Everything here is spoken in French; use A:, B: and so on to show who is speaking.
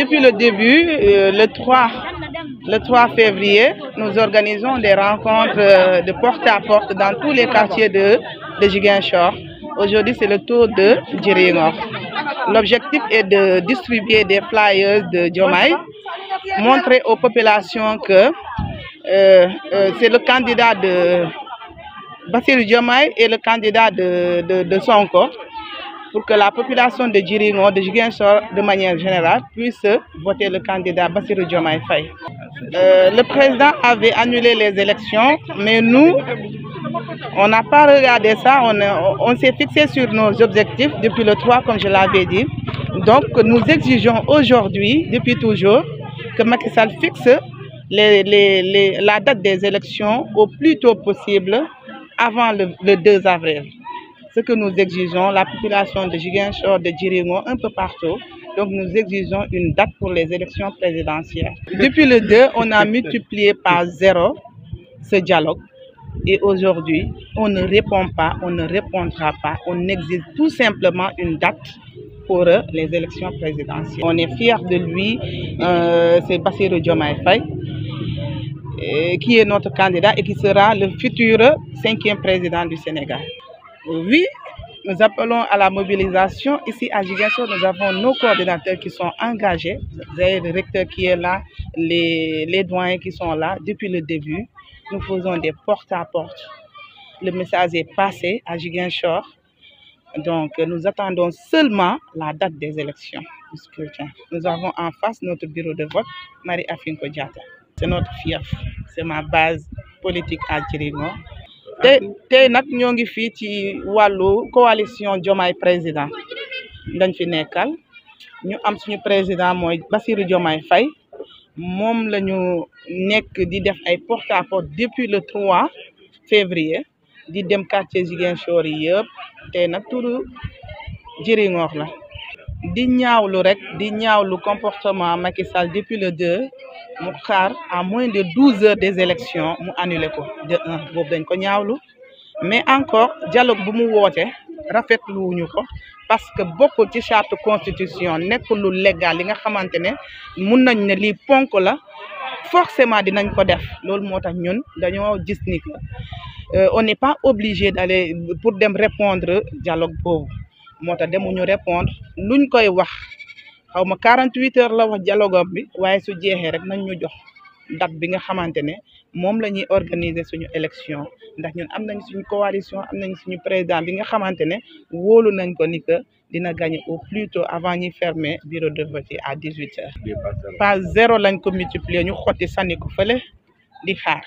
A: Depuis le début, euh, le, 3, le 3 février, nous organisons des rencontres euh, de porte à porte dans tous les quartiers de, de Aujourd'hui, c'est le tour de Djiringor. L'objectif est de distribuer des flyers de Diomaye, montrer aux populations que euh, c'est le candidat de Bassir Diomaye et le candidat de, de, de Sonko pour que la population de Djirino, de Jigensor, de manière générale, puisse voter le candidat Bassirou Diomaye Faye. Euh, le président avait annulé les élections, mais nous, on n'a pas regardé ça, on, on s'est fixé sur nos objectifs depuis le 3, comme je l'avais dit. Donc, nous exigeons aujourd'hui, depuis toujours, que Macky Sall fixe les, la date des élections au plus tôt possible avant le 2 avril ce que nous exigeons, la population de Jigenshore, de Djiringo, un peu partout. Donc nous exigeons une date pour les élections présidentielles. Depuis le 2, on a multiplié par zéro ce dialogue. Et aujourd'hui, on ne répond pas, on ne répondra pas. On exige tout simplement une date pour les élections présidentielles. On est fiers de lui, euh, c'est Bassirou Diomaye euh, qui est notre candidat et qui sera le futur cinquième président du Sénégal. Oui, nous appelons à la mobilisation. Ici à Gigasso, nous avons nos coordinateurs qui sont engagés. Vous avez le recteur qui est là, les, les doyens qui sont là depuis le début. Nous faisons des porte à porte. Le message est passé à Giguinchor. Donc, nous attendons seulement la date des élections Nous avons en face notre bureau de vote, Marie Afinko Diata. C'est notre fief, c'est ma base politique à Djirigo. tey tey nag ñoo ngi fii ci wàllu coalition Diomaye président dañ fi nekkal ñu am suñu président mooy Bassirou Diomaye fay moom la ñu nekk di def ay porte à porte depuis le 3 février di dem quartier Ziguinchor yi yëpp tey nag turu Jiringoox la di ñaawlu rek di ñaawlu comportement Macky Sall depuis le 2 mu xaar à moins de douze heures des élections mu annuler ko de un boobu ko mais encore dialogue bu mu woote ko parce que beaucoup ci charte constitution sont lu légal li nga xamante ne nañ ne lii ponk la forcément dinañ ko def loolu moo ñun dañoo gis ni euh, on n'est pas obligé d'aller pour dem répondre dialogue bobu moo tax demuñu répondre luñ koy wax xaw ma 48 heures la wax dialogue bi waaye su jeexee rek nañ ñu jox date bi nga xamante mom lañuy organiser suñu élection ndax ñun am nañ suñu coalition am nañ suñu président bi nga xamante wolu nañ ko ni que dina gagner au plus tôt avant ñi fermer bureau de vote à 18 heures. pas zéro lañ ko multiplier ñu xoti sànni ko fële di xaar.